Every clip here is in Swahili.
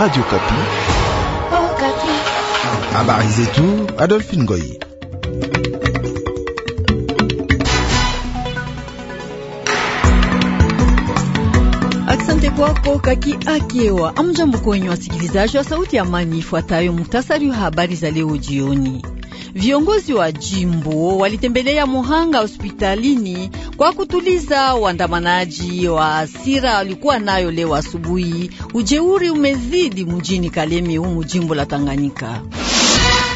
Radio oh, Kapi. Habari zetu Adolphine Ngoyi. Asante kwako Kaki Akewa. Amjambo kwenye wasikilizaji wa Sauti ya Amani, ifuatayo muktasari wa habari za leo jioni. Viongozi wa jimbo walitembelea Muhanga hospitalini kwa kutuliza waandamanaji wa asira walikuwa nayo leo asubuhi. Ujeuri umezidi mjini Kalemi humu jimbo la Tanganyika.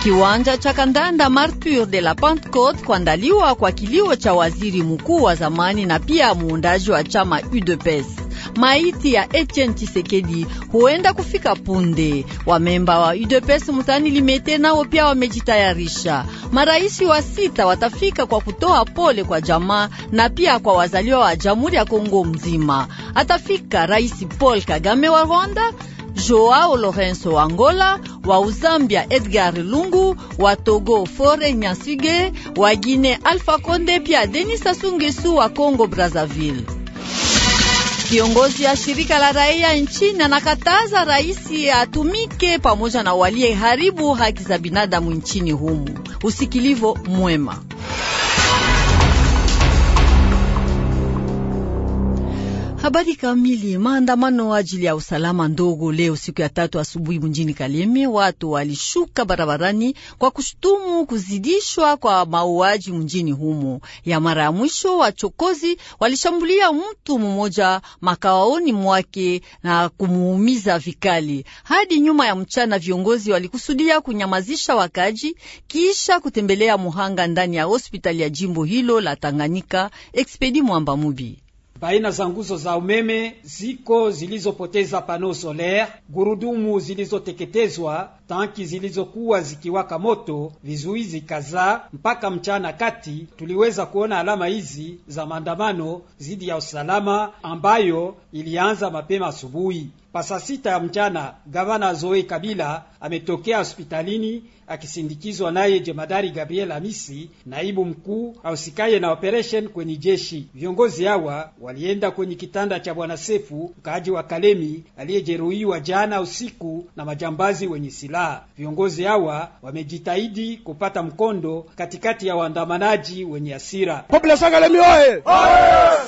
Kiwanja cha kandanda Martyr de la Pentecote kuandaliwa kwa kilio cha waziri mkuu wa zamani na pia muundaji wa chama UDPS maiti ya Etienne Tshisekedi huenda kufika punde. Wamemba wa UDPS mutani Limete nao pia wamejitayarisha. Marais wa sita watafika kwa kutoa pole kwa jamaa na pia kwa wazaliwa wa Jamhuri ya Kongo mzima. Atafika Rais Paul Kagame wa Rwanda, Joao Lorenzo wa Angola, wa Uzambia Edgar Lungu, wa Togo Fore Nyasige, wa Guinea Alpha Konde pia Denis Sassou Nguesso wa Kongo Brazzaville. Kiongozi ya shirika la raia nchini anakataza rais atumike pamoja na haribu haki za binadamu nchini humu. Usikilivo mwema. Habari kamili. Maandamano ajili ya usalama ndogo leo siku ya tatu asubuhi mjini Kalemi, watu walishuka barabarani kwa kushutumu kuzidishwa kwa mauaji mjini humo. Ya mara ya mwisho, wachokozi walishambulia mtu mmoja makaoni mwake na kumuumiza vikali. Hadi nyuma ya mchana, viongozi walikusudia kunyamazisha wakaji kisha kutembelea muhanga ndani ya hospitali ya jimbo hilo la Tanganyika. Expedi Mwamba Mubi baina za nguzo za umeme ziko zilizopoteza pano solaire, gurudumu zilizoteketezwa, tanki zilizokuwa zikiwaka moto, vizuizi kadhaa. Mpaka mchana kati tuliweza kuona alama hizi za maandamano dhidi ya usalama ambayo ilianza mapema asubuhi. Pasa sita ya mchana gavana Zoe Kabila ametokea hospitalini akisindikizwa naye jemadari Gabriel Amisi, naibu mkuu ausikaye na operation kwenye jeshi. Viongozi hawa walienda kwenye kitanda cha bwana Sefu, mkaaji wa Kalemi, aliyejeruhiwa jana usiku na majambazi wenye silaha. Viongozi hawa wamejitahidi kupata mkondo katikati ya waandamanaji wenye hasira. Population Kalemi oye!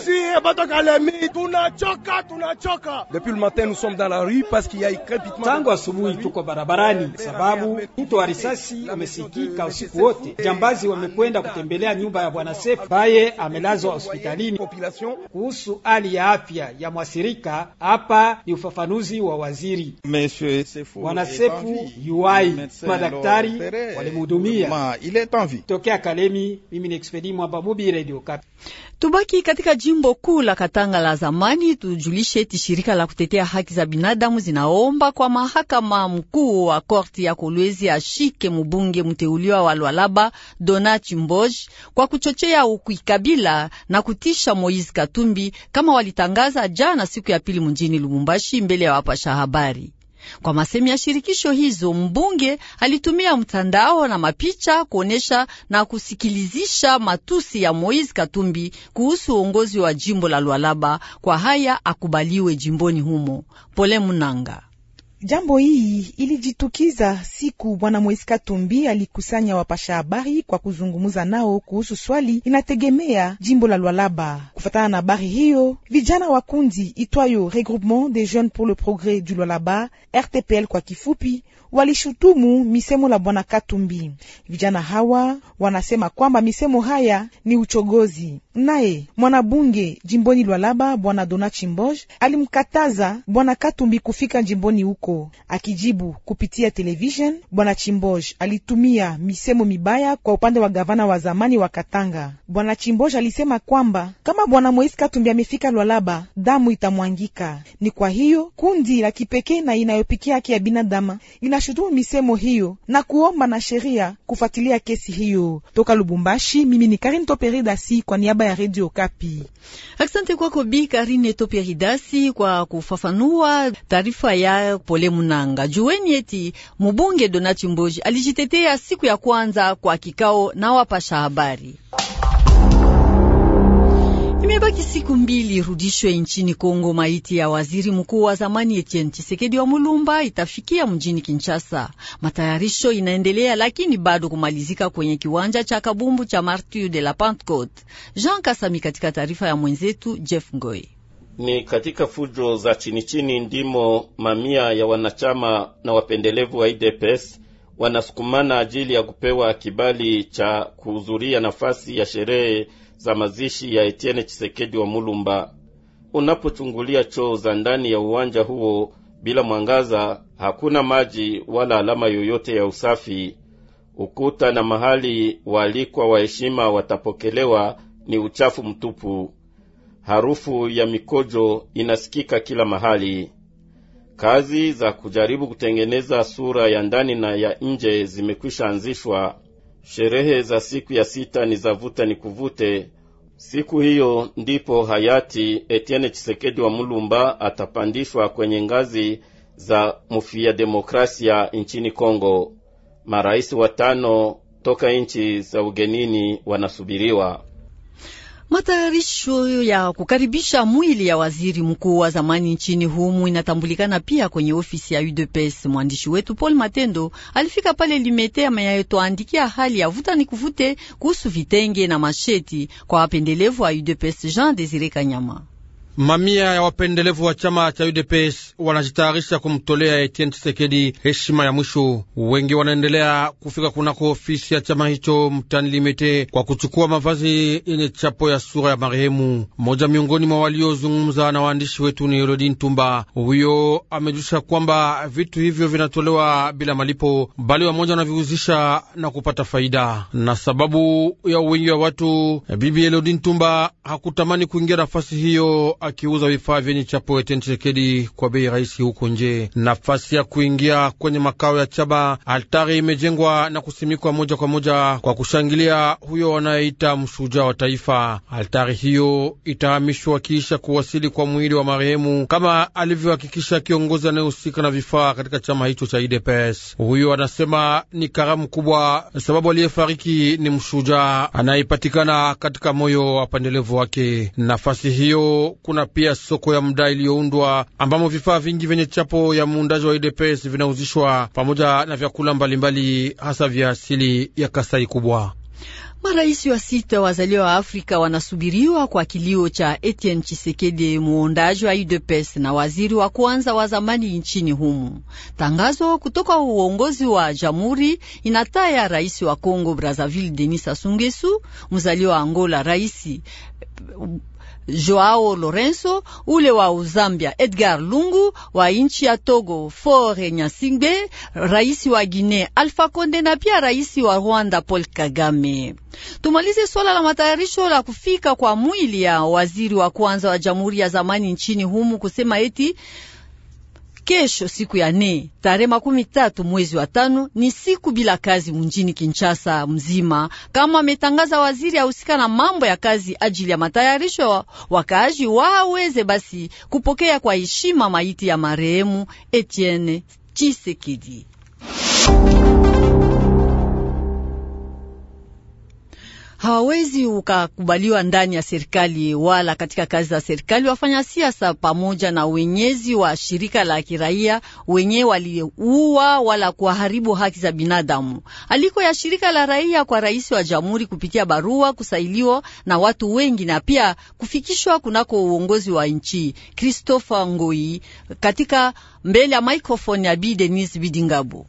Si bato Kalemi, tunachoka tunachoka. Depuis le matin nous sommes Tangu asubuhi tuko barabarani, sababu mtu wa risasi umesikika usiku wote. Jambazi wamekwenda kutembelea nyumba ya bwana Sefu ambaye amelazwa hospitalini. Kuhusu hali ya afya ya mwasirika, hapa ni ufafanuzi wa waziri bwana Sefu yuai, madaktari walimhudumia tokea Kalemi. Mimi ni Expedi Mwamba Mubi, Radio Okapi. Tubaki katika jimbo kuu la Katanga la zamani, tujulishe eti shirika la kutetea haki za binadamu zinaomba kwa mahakama mkuu wa korti ya Kolwezi ashike mbunge mteuliwa wa Lwalaba Dona Chimboj kwa kuchochea ukikabila na kutisha Moise Katumbi kama walitangaza jana siku ya pili mjini Lubumbashi mbele ya wapasha habari. Kwa masemi ya shirikisho hizo, mbunge alitumia mtandao na mapicha kuonesha na kusikilizisha matusi ya Moise Katumbi kuhusu uongozi wa jimbo la Lualaba. Kwa haya akubaliwe jimboni humo. Pole Munanga Jambo hii ilijitukiza siku bwana Moise Katumbi alikusanya wapasha habari kwa kuzungumza nao kuhusu swali inategemea jimbo la Lwalaba. Kufatana na habari hiyo, vijana wa kundi itwayo Regroupement des Jeunes pour le Progres du Lwalaba, RTPL kwa kifupi, walishutumu misemo la bwana Katumbi. Vijana hawa wanasema kwamba misemo haya ni uchogozi. Naye mwanabunge jimboni Lwalaba bwana Dona Chimboj alimkataza bwana Katumbi kufika jimboni huko. Akijibu kupitia televishen, bwana Chimboj alitumia misemo mibaya kwa upande wa gavana wa zamani wa Katanga. Bwana Chimboj alisema kwamba kama bwana Moise Katumbi amefika Lwalaba, damu itamwangika. Ni kwa hiyo kundi la kipekee na inayopikia haki ya binadamu ina inashutumu misemo hiyo na kuomba na sheria kufuatilia kesi hiyo. Toka Lubumbashi, mimi ni Karine Toperidasi kwa niaba ya Radio Kapi. Asante kwako Bi Karine Toperidasi kwa kufafanua taarifa ya Pole Munanga. Jueni eti mubunge Donati Mboji alijitetea siku ya kwanza kwa kikao na wapasha habari Imebaki siku mbili irudishwe nchini Kongo maiti ya waziri mkuu wa zamani Etienne Tshisekedi wa Mulumba itafikia mjini Kinshasa. Matayarisho inaendelea lakini bado kumalizika kwenye kiwanja cha kabumbu cha Martyr de la Pentecote. Jean Kasami katika taarifa ya mwenzetu Jeff Ngoi. Ni katika fujo za chini chini ndimo mamia ya wanachama na wapendelevu wa IDPS wanasukumana ajili ya kupewa kibali cha kuhudhuria nafasi ya sherehe za mazishi ya Etienne Chisekedi wa Mulumba. Unapochungulia choo za ndani ya uwanja huo bila mwangaza, hakuna maji wala alama yoyote ya usafi. Ukuta na mahali waalikwa wa heshima watapokelewa ni uchafu mtupu. Harufu ya mikojo inasikika kila mahali. Kazi za kujaribu kutengeneza sura ya ndani na ya nje zimekwisha anzishwa. Sherehe za siku ya sita ni za vuta ni kuvute. Siku hiyo ndipo hayati Etienne Chisekedi wa Mulumba atapandishwa kwenye ngazi za mufia demokrasia nchini Kongo. Marais watano toka nchi za ugenini wanasubiriwa. Matayarisho ya kukaribisha mwili ya waziri mkuu wa zamani nchini humu inatambulikana pia kwenye ofisi ya UDPS. Mwandishi wetu Paul Matendo alifika pale Limete, ameyayotoandikia hali ya vuta ni kuvute kuhusu vitenge na masheti kwa wapendelevu wa UDPS. Jean Desire Kanyama Mamia ya wapendelevu wa chama cha UDPS wanajitayarisha kumtolea Etienne Tshisekedi heshima ya mwisho. Wengi wanaendelea kufika kunako ofisi ya chama hicho mtani Limete kwa kuchukua mavazi yenye chapo ya sura ya marehemu. Mmoja miongoni mwa waliozungumza na waandishi wetu ni Elodin Tumba. Huyo amejulisha kwamba vitu hivyo vinatolewa bila malipo, bali wamoja wanaviuzisha na kupata faida. Na sababu ya wingi wa watu, Bibi Elodin Tumba hakutamani kuingia nafasi hiyo akiuza vifaa vyenye chapo Etienne Tshisekedi kwa bei rahisi huko nje. Nafasi ya kuingia kwenye makao ya chama, altari imejengwa na kusimikwa moja kwa moja kwa kushangilia huyo wanayeita mshujaa wa taifa. Altari hiyo itahamishwa kiisha kuwasili kwa mwili wa marehemu, kama alivyohakikisha kiongozi anayehusika na vifaa katika chama hicho cha IDPS. Huyo anasema ni karamu kubwa, sababu aliyefariki ni mshujaa anayepatikana katika moyo wa pandelevu wake. Nafasi hiyo kuna pia soko ya muda iliyoundwa ambamo vifaa vingi vyenye chapo ya muundaji wa UDPS vinauzishwa pamoja na vyakula mbalimbali mbali, hasa vya asili ya Kasai kubwa. Marais wa sita wazaliwa wa Afrika wanasubiriwa kwa kilio cha Etienne Chisekedi, muondaji wa UDPS na waziri wa kwanza wa zamani nchini humu. Tangazo kutoka uongozi wa jamhuri inataya rais wa congo Brazzaville Denis Sassou Nguesso, mzaliwa wa Angola, rais Joao Lorenzo ule wa Uzambia, Edgar Lungu wa nchi ya Togo, Fore Nyasingbe raisi wa Guinea, Alfa Konde na pia raisi wa Rwanda Paul Kagame. Tumalize swala la matayarisho la kufika kwa mwili ya waziri wa kwanza wa jamhuri ya zamani nchini humu kusema eti kesho siku ya nne tarehe makumi tatu mwezi wa tano ni siku bila kazi munjini Kinshasa mzima, kama ametangaza waziri ahusika na mambo ya kazi, ajili ya matayarisho wakaaji waweze basi kupokea kwa heshima maiti ya marehemu Etienne Tshisekedi. hawawezi ukakubaliwa ndani ya serikali wala katika kazi za serikali. Wafanya siasa pamoja na wenyezi wa shirika la kiraia wenyewe waliua wala kuharibu haki za binadamu. Aliko ya shirika la raia kwa rais wa jamhuri kupitia barua kusailiwa na watu wengi na pia kufikishwa kunako uongozi wa nchi. Christopher Ngoi katika mbele ya maikrofoni ya Bi Denis Bidingabo.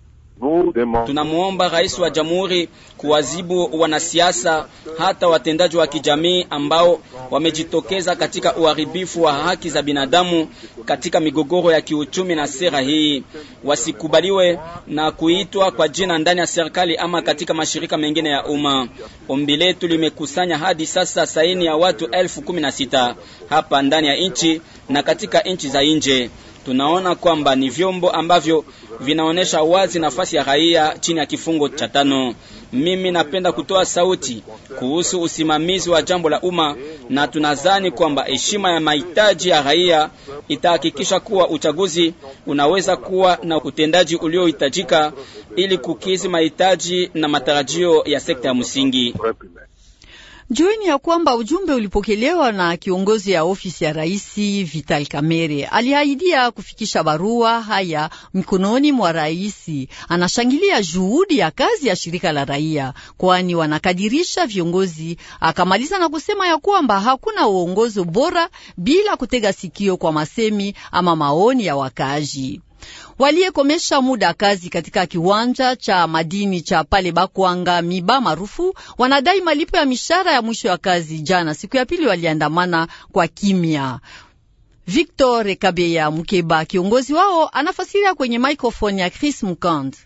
Tunamwomba rais wa jamhuri kuwazibu wanasiasa hata watendaji wa kijamii ambao wamejitokeza katika uharibifu wa haki za binadamu katika migogoro ya kiuchumi na sera hii, wasikubaliwe na kuitwa kwa jina ndani ya serikali ama katika mashirika mengine ya umma. Ombi letu limekusanya hadi sasa saini ya watu elfu kumi na sita hapa ndani ya nchi na katika nchi za nje tunaona kwamba ni vyombo ambavyo vinaonyesha wazi nafasi ya raia chini ya kifungo cha tano. Mimi napenda kutoa sauti kuhusu usimamizi wa jambo la umma, na tunadhani kwamba heshima ya mahitaji ya raia itahakikisha kuwa uchaguzi unaweza kuwa na utendaji uliohitajika ili kukizi mahitaji na matarajio ya sekta ya msingi. Jueni ya kwamba ujumbe ulipokelewa na kiongozi ya ofisi ya raisi Vital Kamerhe. Aliahidia kufikisha barua haya mkononi mwa raisi. Anashangilia juhudi ya kazi ya shirika la raia, kwani wanakadirisha viongozi. Akamaliza na kusema ya kwamba hakuna uongozi bora bila kutega sikio kwa masemi ama maoni ya wakaaji. Waliyekomesha muda kazi katika kiwanja cha madini cha pale Bakwanga miba marufu wanadai malipo ya mishahara ya mwisho ya kazi. Jana siku ya pili waliandamana kwa kimya. Victor Kabeya Mukeba, kiongozi wao, anafasiria kwenye maikrofoni ya Chris Mukand.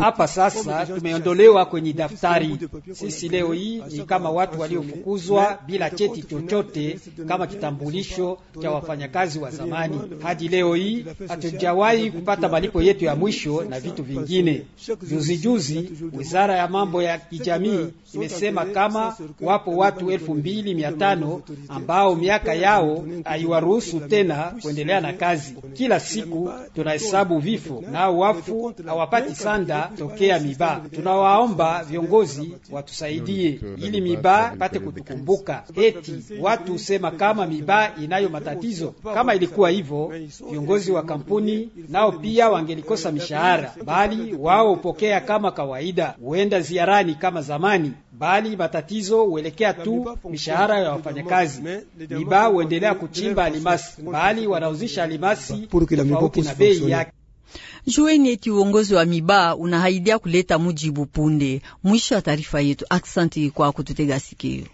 Hapa sasa tumeondolewa kwenye daftari. Sisi leo hii ni kama watu waliofukuzwa bila cheti chochote kama kitambulisho cha wafanyakazi wa zamani. Hadi leo hii hatujawahi kupata malipo yetu ya mwisho na vitu vingine. Juzijuzi wizara ya mambo ya kijamii imesema kama wapo watu elfu mbili mia tano ambao miaka yao haiwaruhusu tena kuendelea na kazi. Kila siku tunahesabu vifo nao alafu hawapati sanda tokea miba. Tunawaomba viongozi watusaidie ili miba ipate kutukumbuka, eti watu husema kama miba inayo matatizo. Kama ilikuwa hivyo, viongozi wa kampuni nao pia wangelikosa mishahara, bali wao hupokea kama kawaida, huenda ziarani kama zamani, bali matatizo huelekea tu mishahara ya wafanyakazi. Miba huendelea kuchimba alimasi, bali wanauzisha alimasi tofauti na bei yake. Jueni eti uongozi wa mibaa unahaidia kuleta mujibu punde. Mwisho wa taarifa yetu. Aksanti kwa kututega sikio.